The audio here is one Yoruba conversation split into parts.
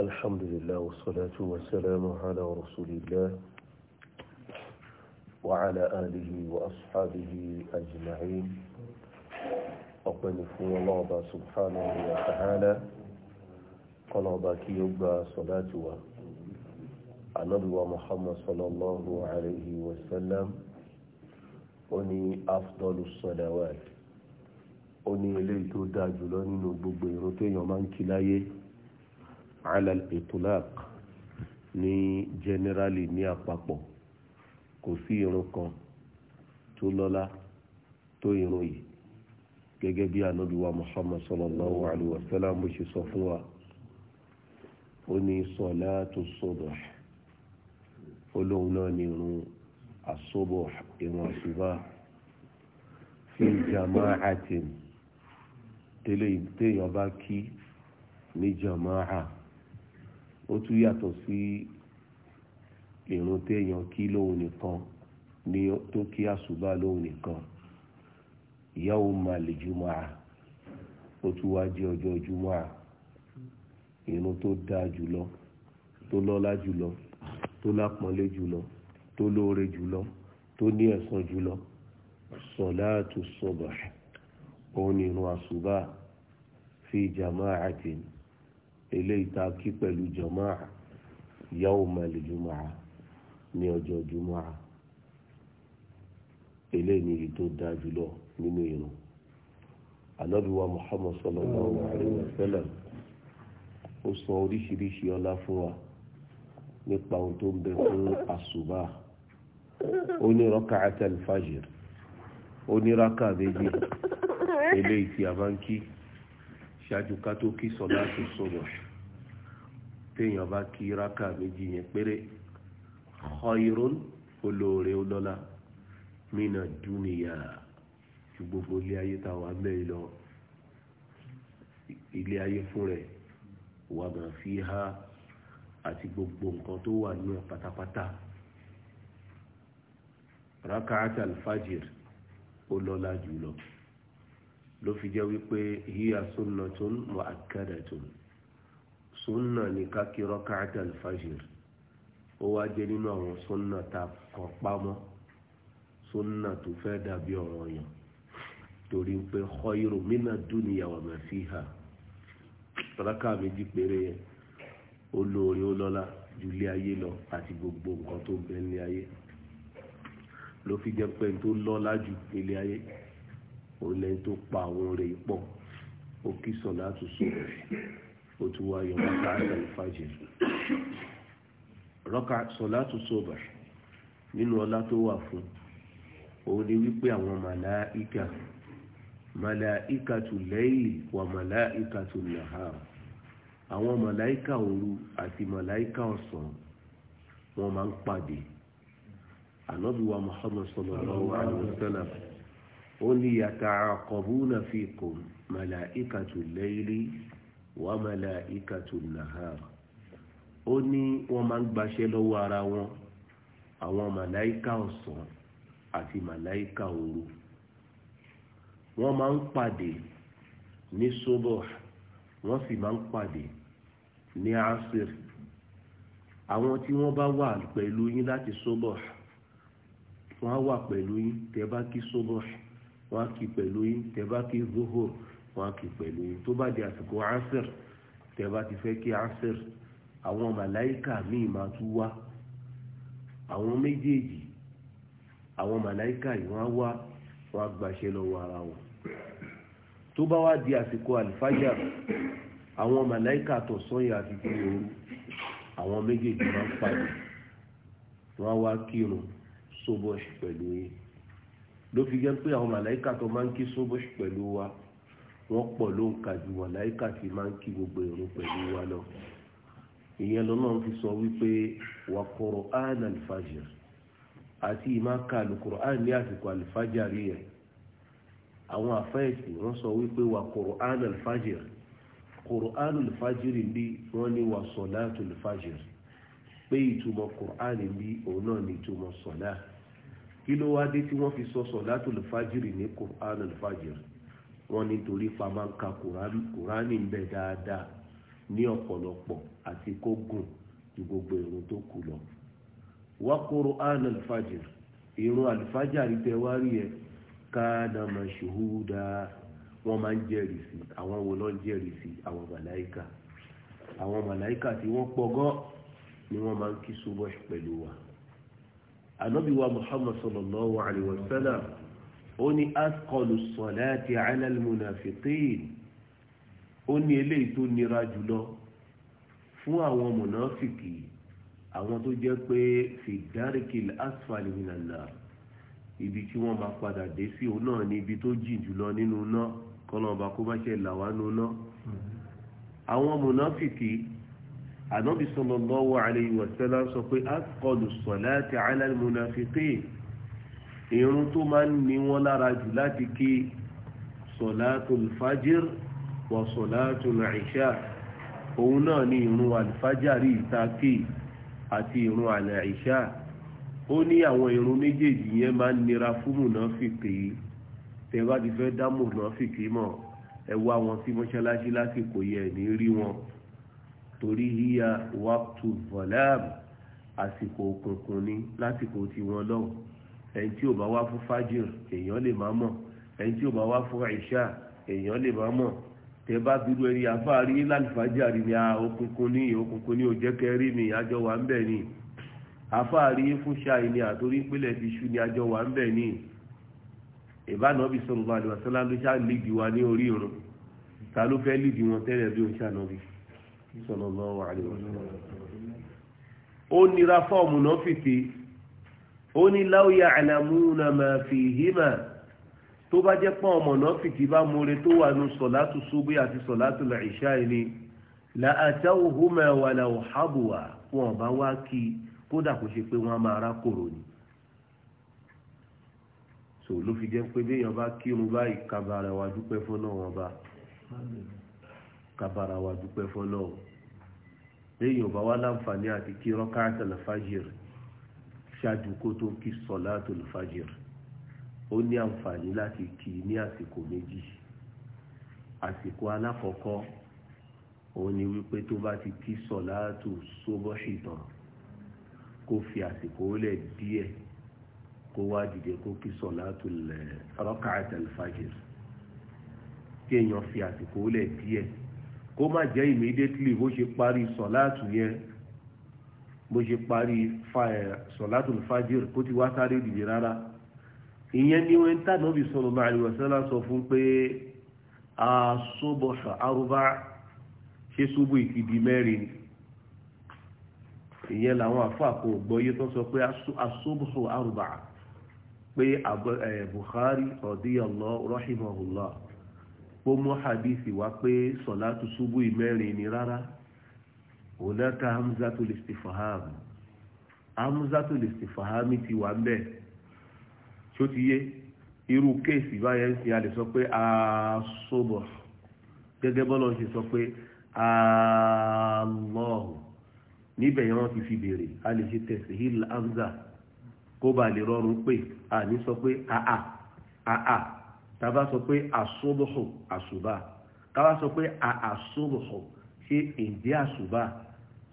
الحمد لله والصلاة والسلام على رسول الله وعلى آله وأصحابه أجمعين ọpẹ́ ni fún ọlọ́ọ̀bá subhanahu wa ta'ala kọlọ́ọ̀bá kí ó gba sọ̀láàtì wa anábìwa muhammad sallallahu alayhi wa sallam ó ní afdọ́lù sọ̀dáwàd ó ní eléyìí tó dáa jùlọ nínú gbogbo ìrun téèyàn máa ń kí láyé ala al-itlaq ní generally ní àpapọ̀ kò sí irun kan tó lọ́lá tó irun yìí gẹ́gẹ́ bí ànábì wa muhammad sallallahu alayhi wa sallam bó ṣe sọ fún wa ó ní salatu subh olóhùn náà ní irun as irun àṣùbà fi jama'atin tẹ́lẹ̀ téèyàn bá kí ní jama'a ó tún yàtọ̀ sí ìrun téèyàn kí lóhun nìkan ní tó kí àṣùbà lóhun nìkan yauma al-jumu'ah ó tún wá jẹ́ ọjọ́ jumu'ah ìrun tó dáa jùlọ tó lọ́lá jùlọ tó lápọ́nlé jùlọ tó lóore jùlọ tó ní ẹ̀san jùlọ salatu subh òun ni ìrun àṣùbà fi jama'atin eléyìí tá a kí pẹ̀lú jọmáà yawmal jumu'a ní ọjọ́ jumu'a eléyìí ni èyí tó dáa jùlọ nínú ìrun Ànábì wa Muhammad sallallahu alayhi wa sallam ó sọ oríṣiríṣi ọlá fún wa nípa ohun tó ń bẹ fún àsùbà ó ní raka'at al-fajr ó ní rákà méjì eléyìí tí a ṣáájú ká tó kí sọlá tó sọ̀rọ̀ téèyàn bá kí rákà méjì yẹn péré khairun olóore ọlọ́lá mina dúnìyà ju gbogbo ilé ayé tá a wà mẹ́rin lọ ilé ayé fún rẹ̀ wà máa fi há àti gbogbo nǹkan tó wà ní pátápátá rakaat alfajir ó jùlọ ló jẹ́ wípé hiya sunnatun mu'akkadatun sunna ní kákí rọ́kàtà alfajir ó wá jẹ́ nínú àwọn sunna tá a kọ́ pamọ́ sunna tó fẹ́ dàbí ọ̀rọ̀ yàn torí pé khayru mina dunya wa ma fiha rákà méjì péré yẹn olóore olọ́lá ju ilé ayé lọ àti gbogbo nǹkan tó bẹ ilé ayé ló fi pé tó lọ́lá ju ilé ayé òun lẹ́yìn tó pa àwọn oore pọ̀ ó kí sọ̀lá tó sọ̀rọ̀ ó tún wá yọ rákà àtàlùfàjì rákà sọ̀látù sọ̀bà nínú ọlá tó wà fún òun ni wípé àwọn màláìkà màláìkà tù lẹ́yìn wà màláìkà tù nàhàr àwọn màláìkà òru àti màláìkà ọ̀sán wọ́n máa ń pàdé ànábìwá muhammad sallallahu alaihi wasallam ó ní yàtà àkọ́bùnà fíkùm màláìkà tù lẹ́yìn wa malaikatun nahar ó ní wọ́n máa ń gbaṣẹ́ lọ́wọ́ ara wọn àwọn màláìka ọ̀sán àti màláìka òru wọ́n máa ń pàdé ní sóbọ̀ wọ́n sì máa ń pàdé ní asir àwọn tí wọ́n bá wà pẹ̀lú yín láti sóbọ̀ wọ́n á wà pẹ̀lú yín tẹ́ bá kí sóbọ̀ wọ́n á kí pẹ̀lú yín tẹ́ bá kí zuhur wọn á kì pẹ̀lú yín tó bá di àsìkò ansir tẹ bá ti fẹ́ kí ansir àwọn màláìkà míì máa tún wá àwọn méjèèjì àwọn màláìkà yìí wọ́n á wá wọ́n á gbàṣẹ lọ́wọ́ ara wọn tó bá wá di àsìkò àlìfájà àwọn màláìkà tọ̀sán yìí àti ti òru àwọn méjèèjì máa ń pàdé wọ́n á wá kírun sóbọ̀ṣì pẹ̀lú yín ló fi jẹ́ pé àwọn màláìkà tó máa ń kí sóbọ̀ṣì pẹ̀lú wa wọ́n pọ̀ ló ń ka ju màláìkà tí máa ń kí gbogbo ìrun pẹ̀lú wa lọ ìyẹn lọ́nà fi sọ wípé wà Qur'an al-fajr àti ìmá ka al-Qur'an ní àsìkò al-fajr rí ẹ̀ àwọn àfẹ́ẹ̀sì wọ́n sọ wípé wà Qur'an al-fajr Qur'an al-fajr bí wọ́n ní wà salatu al-fajr pé ìtumọ̀ Qur'an bí òun náà ní ìtumọ̀ sọ̀lá kí ló wá dé tí wọ́n fi sọ salatu al-fajr ní Qur'an al-fajr wọ́n nítorí pamọ́ ń ka kùránì bẹ dáadáa ní ọ̀pọ̀lọpọ̀ àti kó gùn ju gbogbo irun tó kù lọ. wá Qur'an al-fajr irun al-fajr tẹ wá rí ẹ kana mashhuda wọ́n máa ń jẹ́rìí sí àwọn wo ló ń jẹ́rìí sí àwọn màláìka àwọn màláìka tí wọ́n pọ̀ gan ni wọ́n máa ń kí subuh pẹ̀lú wa. ànábì wa muhammad sallallahu alayhi wa sallam ó ní askọlù sọ̀láàtì alálùmọ̀nàfíkìn ó ní eléyìí tó nira jùlọ fún àwọn mọ̀nàfíkì àwọn tó jẹ́ pé fìdárìkìl asfali nìlànà ibi tí wọ́n máa padà dé sí òun náà ní ibi tó jìn jùlọ nínú náà kọlọ́ọ̀bá kó bá ṣe là wá nù náà. àwọn mọ̀nàfíkì ànábì sallallahu alayhi wa sallam sọ pé askọlù sọ̀láàtì alálùmọ̀nàfíkìn irun tó máa ń ní wọn lára jù láti kí sọ̀látùl fajr wa sọ̀látùl ìṣà òun náà ni irun alifájàrí ìtàkì àti irun àlẹ́ ìṣà ó ní àwọn irun méjèèjì yẹn máa ń nira fún mùnáfìkì tẹ́ bá ti fẹ́ dá mùnáfìkì mọ̀ ẹ wá wọn sí mọ́ṣáláṣí lásìkò yẹ ní rí wọn torí híya wàtú àsìkò òkùnkùn ni lásìkò tiwọn lọ́wọ́ ẹni tí ò bá wá fún fájìr èèyàn lè má mọ̀ ẹni tí ò bá wá fún ìṣá èèyàn lè má mọ̀ tẹ bá dúró ẹni afárí lálùfájàrí ni òkùnkùn ní òkùnkùn ní òjẹ́kẹ́rí mi àjọ wà ń bẹ̀ ni afárí fún ṣáì ni àtòrí pínlẹ̀ ti ṣú ni àjọ wà ń bẹ̀ ni ìbáná bí sọ̀rọ̀ bá àlùwà sọ́lá ló ṣáà lídìí wa ní orí irun ta ló fẹ́ lídìí wọn tẹ́lẹ̀ bí òun ṣàná bí sọ̀rọ̀ lọ́wọ́ àlùwà sọ́lá ó nira fọ́ọ̀mù náà fìtì ó ní law ya'lamuna ma fihima tó bá jẹ́ pọ́n ọmọ náà fìtì bá múre tó wà nù sọ̀látù ṣubú àti sọ̀látù làìṣá ni la àtàwùhùmá wà là òhàbùwà wọn bá wá kí kódà kó ṣe pé wọn máa rá kòrò ni. sò ló fi jẹ́ pé béèyàn bá kírun báyìí kábàárà wa dúpẹ́ fọ́nà wọn bá kábàárà wa dúpẹ́ fọ́nà béèyàn bá wá láǹfààní àti kí rọ́kà àtàlẹ́fàjìrì ṣáájú kó tó kí sọlátul fajr ó ní àǹfààní láti kí ní àsìkò méjì àsìkò alákọ̀ọ́kọ́ òun ni wípé tó bá ti kí sọlátul sóbọ́ṣì tán kó fi àsìkò lẹ̀ díẹ̀ kó wá dìde kó kí sọlátul raka'atul fajr kí èèyàn fi àsìkò lẹ̀ díẹ̀ kó má jẹ́ immediately bó ṣe parí sọláàtù yẹn bó ṣe parí eh, sọ̀látùl fájìr kó ti wá sáré dìde rárá ìyẹn ni wọ́n tá nọ́bì sallallahu alaihi wasallam sọ fún pé àṣọ́bọ̀ àrùbá ṣe ṣubú ìkìdí mẹ́rin ìyẹn làwọn àfàkò gbọ́yé tó sọ pé àṣọ́bọ̀ àrùbá pé eh, Bukhari radiyallahu rahimahullah pé mọ́ wá pé sọ̀látù ṣubú ìmẹ́rin ni rárá onaka hamzatu listifaham hamzatu listifahami ti wà ń bẹ tí ó ti yé irú kéèsì báyẹn ń sin a lè sọ pé asóbọ̀ gẹ́gẹ́ bọ́lọ̀ ṣe sọ pé alọ́ọ̀ níbẹ̀ yẹn wọ́n ti fi béèrè a lè ṣe tẹ̀sí hil hamza kó ba lè rọrùn a ní sọ pé àà àà tàbá sọ pé asóbọ̀ àṣùbà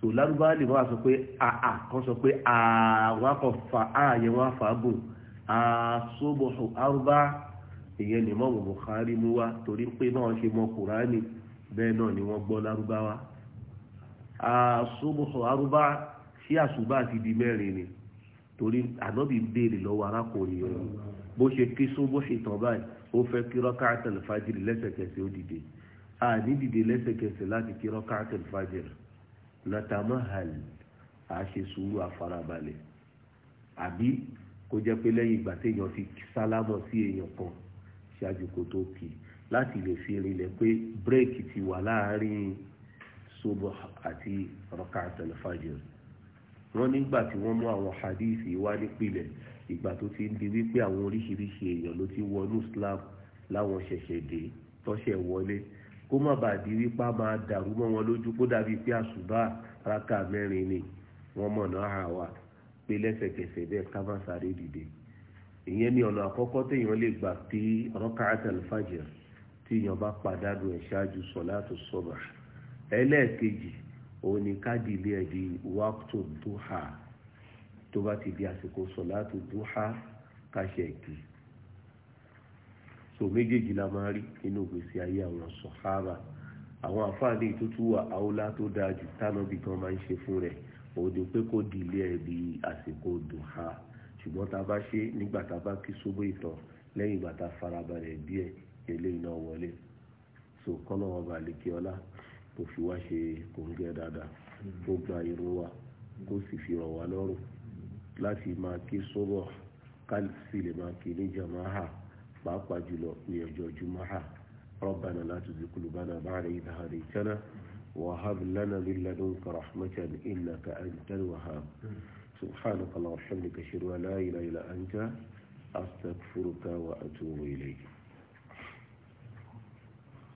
so lárúbá lè wọ́n sọ pé àà kan sọ pé àwọn akọ̀ fa ààyè wọn fàágò àṣọ́bọ̀ṣù arúbá ìyẹn ni mọ́ Bukhari mú wa torí pé náà ṣe mọ kùránì bẹ́ẹ̀ náà ni wọ́n gbọ́ lárúbá wá àṣọ́bọ̀ṣù arúbá sí àṣùbá ti di mẹ́rin ni torí ànábì béèrè lọ́wọ́ arákùnrin rẹ̀ bó ṣe kí sọ́bọ̀ṣù ìtàn báyìí ó fẹ́ kí rọ́kà àtẹlifájìrì lẹ́sẹ̀kẹsẹ̀ ó dìde àní dìde lẹ́sẹ̀kẹsẹ̀ láti kí rọ́kà àtẹlifájìrì natamahal a ṣe sùúrù àfarabalẹ̀ àbí kó jẹ́ pé lẹ́yìn ìgbà téèyàn ti sálámọ̀ sí èèyàn kan ṣáájú kó tó kì í láti lè fi rinlẹ̀ pé bírèkì ti wà láàárín sobo àti rọ́kàtà al-fajr wọ́n nígbà tí wọ́n mú àwọn hadithi wá nípìnlẹ̀ ìgbà tó ti ń di wípé àwọn oríṣiríṣi èèyàn ló ti wọnú Islam láwọn ṣẹ̀ṣẹ̀ dé tọ́ṣẹ̀ wọlé kó má bàa di wípá máa dàrú mọ́ wọn lójú kó dàbí pé àṣùbà rákà mẹ́rin ni wọ́n mọ̀nà ara wa pé lẹ́sẹ̀kẹsẹ̀ bẹ́ẹ̀ ká má sáré dìde ìyẹn ni ọ̀nà àkọ́kọ́ téèyàn lè gbà pé rákàtà al-fajr tí èèyàn bá pàdánù ẹ̀ ṣáájú sọ̀látù subh ẹlẹ́ẹ̀kejì òun ni kádìlé ẹ̀ di wákùtù dúhà tó bá ti di àsìkò sọ̀látù dúhà káṣẹ̀ kìí so méjèèjì la máa rí nínú ìgbésí ayé àwọn sọ̀hábà àwọn àfáàní ìtútù wà áúlá tó dáa jù tánàbì kan máa ń ṣe fún rẹ̀ òun ni pé kó di ilé ẹbí àsìkò dùhà ṣùgbọ́n tá a bá ṣe nígbà tá a bá kí sóbó ìtàn lẹ́yìn ìgbà tá a farabalẹ̀ díẹ̀ ilé iná wọlé so kọ́nà ọba àlekè ọlá kò fi wá ṣe kòńgẹ́ dáadáa kó gba irun wa kó sì fi rọ̀ wá lọ́rùn láti máa kí sóbọ̀ ká sì lè máa kí ní jàmáà. pàápàá jùlọ ní ربنا لا تزغ قلوبنا بعد إذا هديتنا وهب لنا من لدنك رحمة إنك أنت الوهاب سبحانك الله وحمدك أشهد أن لا إله إلا أنت أستغفرك وأتوب إليك